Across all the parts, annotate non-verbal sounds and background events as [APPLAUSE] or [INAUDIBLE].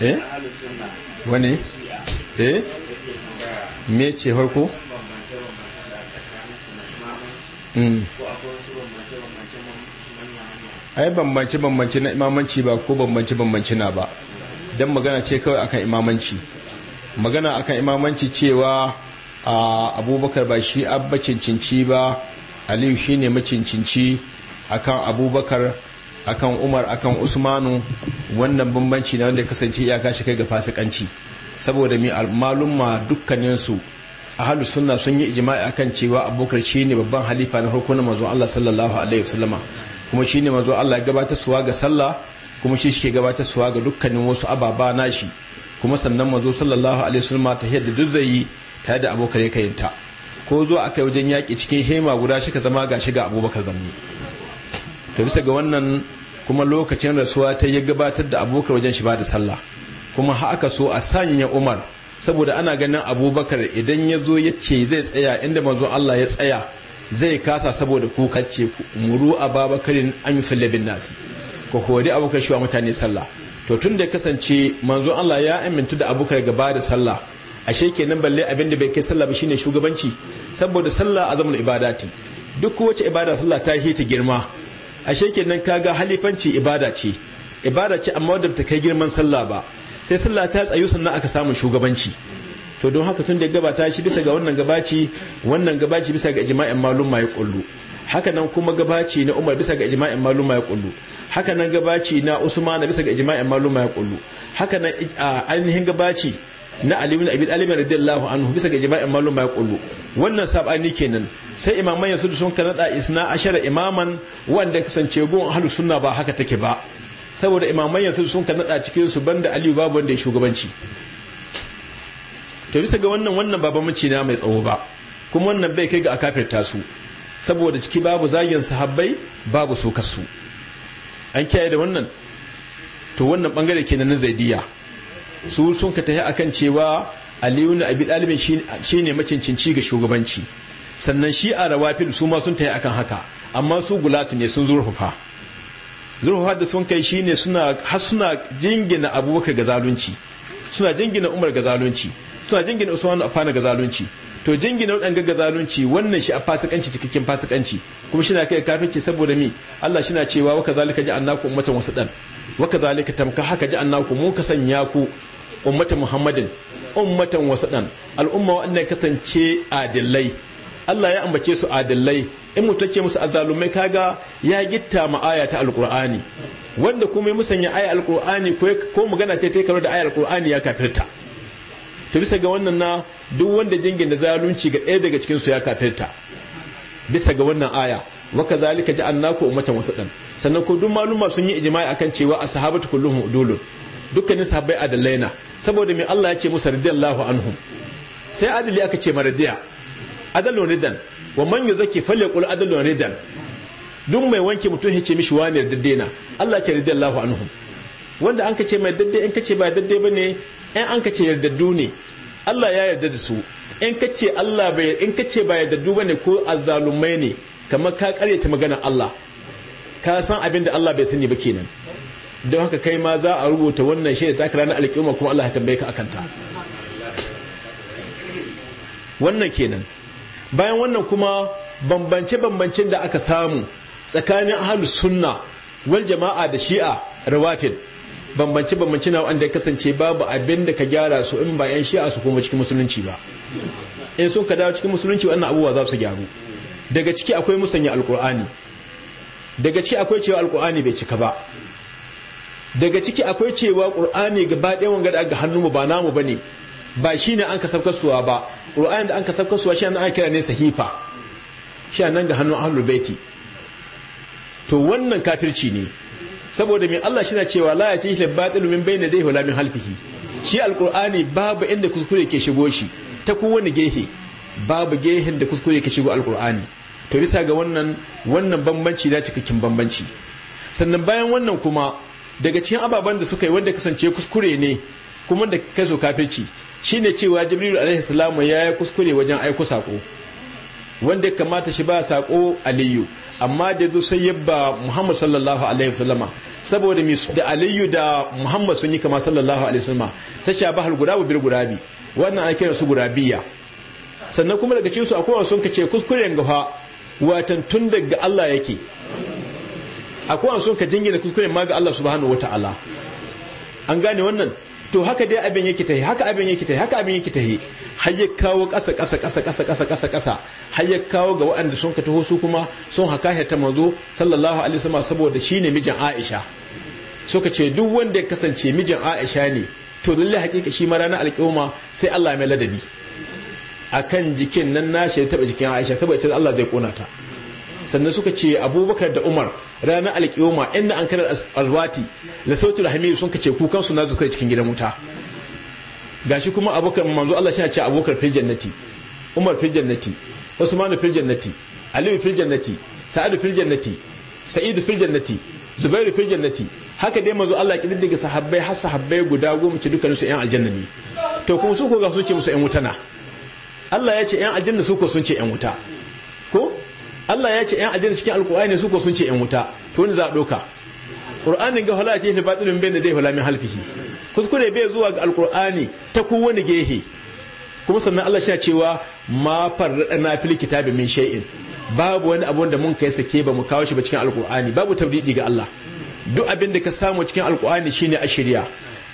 eh wane eh me ce farko hmm. ai bambance bambance na imamanci ba ko bambance bambance na ba don magana ce kawai akan imamanci magana akan imamanci cewa a abubakar ba shi abba cincinci ba aliyu shi ne macincinci akan abubakar akan umar akan usmanu wannan bambanci na wanda ya kasance iyaka shi kai ga fasikanci saboda mai malumma dukkaninsu ahalus sunna sun yi ijma'i akan cewa abubakar ne babban halifa na farko na manzon Allah sallallahu alaihi wasallama kuma shi ne manzon Allah ya gabatar suwa ga sallah kuma shi shike gabatar suwa ga dukkanin wasu ababa nashi kuma sannan manzo sallallahu alaihi wasallama ta yadda duk zai yi ta da abubakar ya ko zo aka yi wajen yaƙi cikin hema guda shi ka zama ga shiga abubakar zamni to bisa ga wannan kuma lokacin rasuwa ta ya gabatar da abokar wajen shi ba da sallah kuma haka so a sanya umar saboda ana ganin abubakar idan ya zo ya ce zai tsaya inda manzo allah ya tsaya zai kasa saboda kuka ce muru a babakarin an yi nasi ko hori abokar shi wa mutane sallah to tun da kasance manzo allah ya amintu da abokar gaba da sallah ashe kenan balle abin da bai kai sallah ba shine shugabanci saboda sallah azamul ibadati duk kowace ibada sallah ta hita girma ashe kenan kaga halifanci ibada ce ibada ce amma wadda ta kai girman sallah ba sai sallah ta tsayu sannan aka samu shugabanci to don haka tun da gabata shi bisa ga wannan gabaci wannan gabaci bisa ga ijma'in maluma ya kullu haka nan kuma gabaci na Umar bisa ga ijma'in maluma ya kullu haka nan gabaci na Usman bisa ga ijma'in maluma ya kullu haka nan ainihin gabaci na alimin abin alimin radiyar lahu anhu bisa ga jima'in malum ya kullu wannan sabani kenan sai imaman yanzu sun ka nada isna ashara imaman wanda kasance gun ahlus sunna ba haka take ba saboda imaman yanzu sun ka nada cikin su banda Aliyu babu wanda ya shugabanci to bisa ga wannan wannan baba mace na mai tsawo ba kuma wannan bai kai ga akafirta su saboda ciki babu zagin sahabbai babu sokarsu an kiyaye da wannan to wannan bangare kenan na zaidiya su sun ka tafi akan cewa aliyu na abi dalibin shi ne macincinci ga shugabanci sannan shi a rawafil su ma sun tafi akan haka amma su gulatu ne sun zurfafa zurfafa da sun kai shi ne suna har suna jingina abubakar ga zalunci suna jingina umar ga zalunci suna jingina usman afana ga zalunci to jingina waɗanga ga zalunci wannan shi a fasikanci cikakken fasikanci kuma shi na kai kafirci saboda mi Allah shi na cewa waka zalika ji annaku ummatan wasu dan waka zalika tamka haka ji annaku mun ka sanya ku ummata muhammadin ummatan wasaɗan al'umma waɗanda kasance adillai Allah ya ambace su adillai in mutacce ce musu azalumai kaga ya gitta ma aya ta alƙur'ani wanda kuma ya musanya aya alƙur'ani ko ko magana ta karo da aya alƙur'ani ya kafirta to bisa ga wannan na duk wanda jingin da zalunci ga ɗaya daga cikinsu ya kafirta bisa ga wannan aya waka zalika ji umatan wasu wasaɗan sannan ko duk maluma sun yi ijima'i akan cewa a sahabatu kullum udulun dukkanin sahabbai adallai na saboda mai Allah ya ce musa radiyallahu anhu sai adali aka ce maradiya adalun ridan wa man yuzaki kula adalun ridan duk mai wanke mutum ya ce mishi wani daddena Allah ce radiyallahu anhu. wanda an ka ce mai daddai in ka ce ba daddai ne in an ka ce yardaddu ne Allah ya yarda da su in ka ce Allah bai in ka ce ba yardaddu ne ko azzalumai ne kamar ka karyata maganar Allah ka san abin da Allah bai sani ba kenan don haka kai ma za a rubuta wannan shaida taka ranar alƙiyama kuma Allah ya tambaye ka akan ta wannan kenan bayan wannan kuma bambance-bambancen da aka samu tsakanin ahlus sunna wal jama'a da shi'a rawafin bambance-bambance na wanda ya kasance babu abin da ka gyara su in ba 'yan shi'a su kuma cikin musulunci ba in sun ka dawo cikin musulunci wannan abubuwa za su gyaru daga ciki akwai musanya alkur'ani daga ciki akwai cewa alkur'ani bai cika ba daga ciki akwai cewa qur'ani gaba ɗaya wanga da aka hannu mu ba namu bane ba ne an ka suwa ba qur'ani da an ka suwa shi an kira ne sahifa shi nan ga hannun ahlul baiti to wannan kafirci ne saboda mai Allah shi na cewa la ya tihle batilu min bayna dai wala min halfihi shi alqur'ani babu inda kuskure ke shigo shi ta kowane gehe babu gehen da kuskure ke shigo alqur'ani to bisa ga wannan wannan bambanci da cikakken bambanci sannan bayan wannan kuma daga cikin ababen da suka yi wanda kasance kuskure ne kuma da kai su kafirci shine cewa jibril alaihi salamu ya yi kuskure wajen aiko sako wanda kamata shi ba sako aliyu amma da zo sai yabba muhammad sallallahu alaihi wasallama saboda mi da aliyu da muhammad sun yi kama sallallahu alaihi wasallama ta sha gurabu bil gurabi wannan ake su gurabiya sannan kuma daga cikin su akwai sun kace kuskuren gafa watan tun daga Allah yake akwai kowane son ka jingina kuskuren ma ga Allah subhanahu wata'ala an gane wannan to haka dai abin yake tahi haka abin yake tahi haka abin yake tahi har ya kawo ƙasa ƙasa ƙasa ƙasa ƙasa ƙasa ƙasa har ya kawo ga waɗanda sun ka taho su kuma sun haka ta manzo sallallahu alaihi wasallam saboda shi ne mijin Aisha suka ce duk wanda ya kasance mijin Aisha ne to lalle hakika shi ma ranar alƙiyoma sai Allah mai ladabi akan jikin nan nashi ya taba jikin Aisha saboda ita Allah zai kona ta sannan suka ce abubakar da umar ranar alkiyoma inda an kanar alwati da da hamidu sun kace kukan su na zuka cikin gidan wuta gashi kuma abokan manzo Allah shi ce abubakar fil jannati umar fil jannati usman fil jannati aliyu fil jannati sa'ad fil jannati sa'id fil jannati zubairu fil jannati haka dai manzo Allah ki diddiga sahabbai har sahabbai guda goma ce dukkan su yan aljanna ne to kuma su ko ga su ce musu yan wuta na Allah ya ce yan aljanna su ko sun ce yan wuta Allah ya ce ‘yan aljanna cikin alƙur'ani su ko sun ce ‘yan wuta to wani za a ɗauka ƙur'anin ga hula ce tsirin bai da zai hula min halfihi kuskure bai zuwa ga alƙur'ani ta kowane gehe kuma sannan Allah shi cewa ma farraɗa na fil kitabi min shay'in babu wani abu da mun kai sake ba mu kawo shi ba cikin alƙur'ani babu tawdidi ga Allah duk abin da ka samu cikin alƙur'ani shine a shirya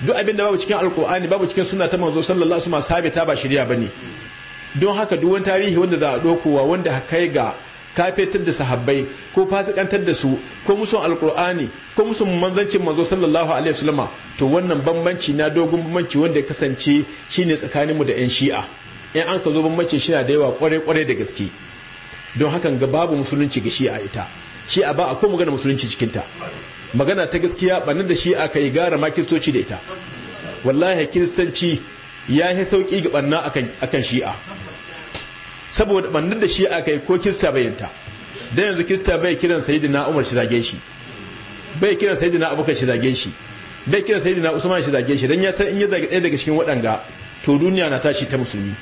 duk abin da babu cikin alƙur'ani babu cikin suna ta manzo sallallahu alaihi wasallam sabita ba shirya bane don haka duk wani tarihi wanda za a dokowa wanda kai ga kafetar da sahabbai ko fasikantar da su ko musun alkur'ani ko musun manzancin manzo sallallahu alaihi wasallam to wannan bambanci na dogon bambanci wanda ya kasance shine mu da yan shi'a in an ka zo bambanci shi na da yawa kwarai kwarai da gaske don hakan ga babu musulunci ga shi'a ita shi'a ba ko magana musulunci ta magana ta gaskiya banin da shi'a kai gara ma kiristoci da ita wallahi kiristanci ya yi sauki ga banna akan shi'a saboda bannin da shi aka yi ko kirista yanta dan yanzu kirista bai kiran sayyidina umar shi zage shi bai kiran sayyidina abubakar shi zage shi bai kiran sayyidina usman shi zage shi dan ya san in ya zage ɗaya daga cikin waɗanga to duniya na tashi ta musulmi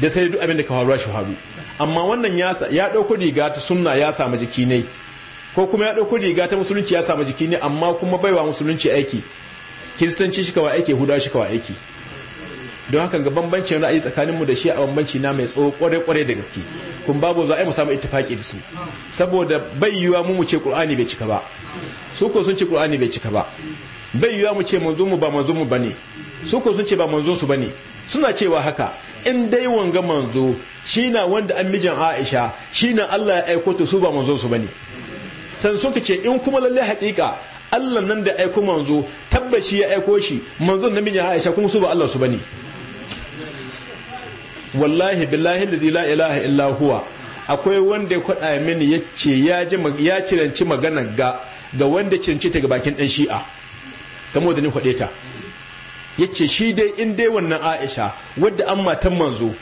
da sai duk abin da ka faruwa shi faru amma wannan ya ɗauko riga ta sunna ya samu jiki ne ko kuma ya ɗauko riga ta musulunci ya samu jiki ne amma kuma baiwa musulunci aiki kiristanci shi kawai aiki huda shi kawai aiki don haka ga bambancin ra'ayi mu da shi a bambanci na mai tsawo kwarai-kwarai da gaske kun babu za a yi mu samu ittifaki da su saboda bai yiwa mu mu ce qur'ani bai cika ba su ko sun ce qur'ani bai cika ba bai yiwa mu ce manzo mu ba manzo mu bane su ko sun ce ba manzo su bane suna cewa haka in dai wanga manzo shi na wanda an mijin Aisha shi na Allah ya aiko ta su ba manzo su bane san sun ce in kuma lalle haƙiƙa Allah nan da aiko manzo tabbashi ya aiko shi manzon namijin Aisha kuma su ba Allah su bane wallahi billahi allazi la ilaha illa huwa akwai wanda ya kwada mini ya ji ya ciranci magana ga ga wanda ciranci ta ga bakin dan shi'a kamo da ni kwade ta yace shi dai in dai wannan Aisha wadda an matan manzo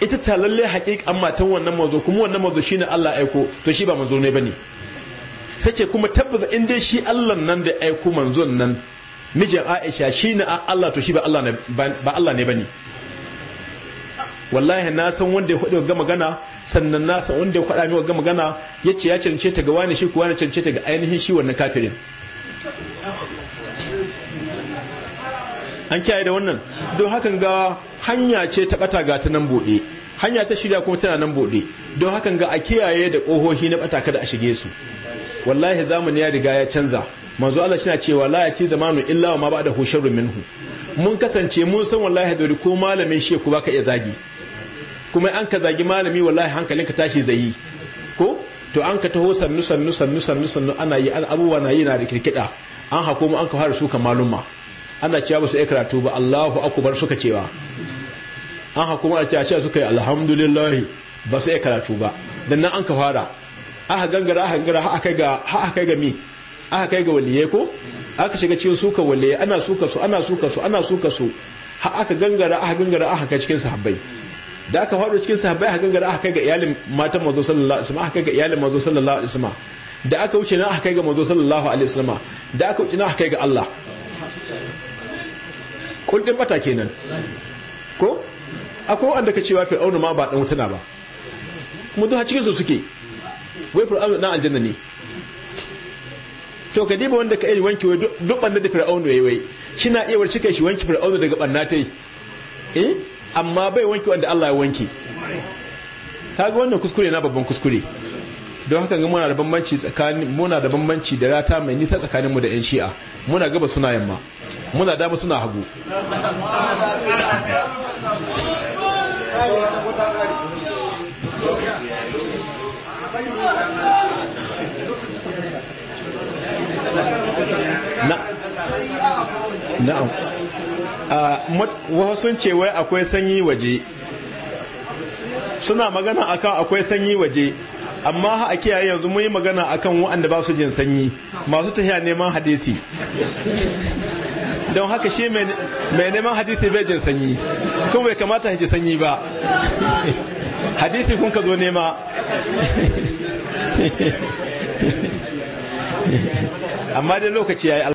ita ta lalle haƙiƙa an matan wannan manzo kuma wannan manzo shine Allah aiko to shi ba manzo ne bane sace kuma tabbata in dai shi Allah nan da aiko manzon nan mijin Aisha shine Allah to shi ba Allah ne ba Allah ne bane wallahi na san wanda ya faɗi gama magana sannan na san wanda ya faɗa mi gama magana ya ce ya cance ta ga wani shi kuwa na cance ta ga ainihin shi wannan kafirin an kiyaye da wannan don hakan ga hanya ce ta ɓata ga ta nan buɗe hanya ta shirya kuma tana nan buɗe don hakan ga a kiyaye da ƙohohi na ɓata kada a shige su wallahi zamani ya riga ya canza manzo Allah shi cewa la yati zamanu illa wa ma ba da hushar minhu mun kasance mun san wallahi da ko malamin shi ku baka iya zagi kuma an ka zagi malami wallahi hankalinka tashi zai yi ko to an ka taho sannu sannu sannu sannu sannu ana yi abubuwa na yi na rikirkida an hako mu an ka fara suka malumma ana cewa ba su yi karatu ba Allahu akubar suka cewa an hako mu a cewa suka yi alhamdulillah ba su yi karatu ba dan nan an ka fara aka gangara aka gangara ha kai ga ha kai ga mi aka kai ga waliye ko aka shiga cikin suka waliye ana suka su ana suka su ana suka su ha aka gangara aka gangara aka kai cikin sahabbai da aka faɗo cikin sahabbai aka gangara aka kai ga iyalin matan manzo sallallahu alaihi wasallam aka kai ga iyalin manzo sallallahu alaihi wasallam da aka wuce na aka kai ga manzo sallallahu alaihi wasallam da aka wuce na aka kai ga Allah kullum bata kenan ko akwai wanda ka cewa fir'auna ma ba dan wutana ba mu duka cikin su suke wai fir'auna dan aljanna ne to ka diba wanda ka yi wanki wai duk banna da fir'auna yayi wai shi na iya warce kai shi wanki fir'auna daga banna tai eh amma bai wanke wanda Allah ya wanke kaga wannan kuskure na babban kuskure don haka ga muna da bambanci tsakanin muna da bambanci da rata mai nisa tsakanin mu da yan shi'a muna gaba suna yamma muna dama suna hagu na'am wasu sun ce wai akwai sanyi waje suna magana akan akwai sanyi waje amma a kiyaye yanzu mun yi magana akan waɗanda ba su jin sanyi masu tafiya neman hadisi don haka shi mai neman hadisi bai jin sanyi kun bai kamata ji sanyi ba hadisi kun ka zo nema [LAUGHS] amma dai lokaci ya yi